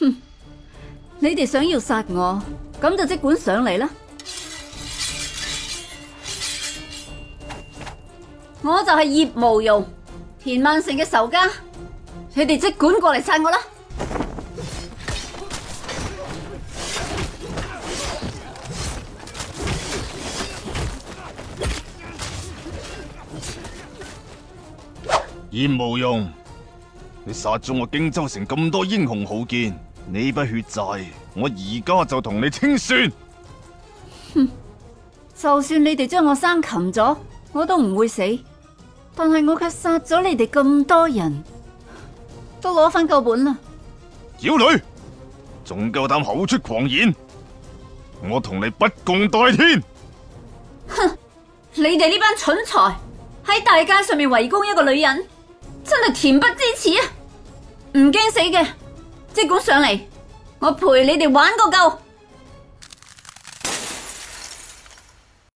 哼！你哋想要殺我，咁就即管上嚟啦！我就係葉無用，田萬成嘅仇家，你哋即管過嚟殺我啦！葉無用，你殺咗我荊州城咁多英雄好劍！呢筆血債，我而家就同你清算。哼！就算你哋將我生擒咗，我都唔會死。但係我卻殺咗你哋咁多人，都攞翻夠本啦。妖女，仲夠膽口出狂言，我同你不共戴天。哼！你哋呢班蠢才喺大街上面圍攻一個女人，真係恬不知恥啊！唔驚死嘅。即管上嚟，我陪你哋玩個夠。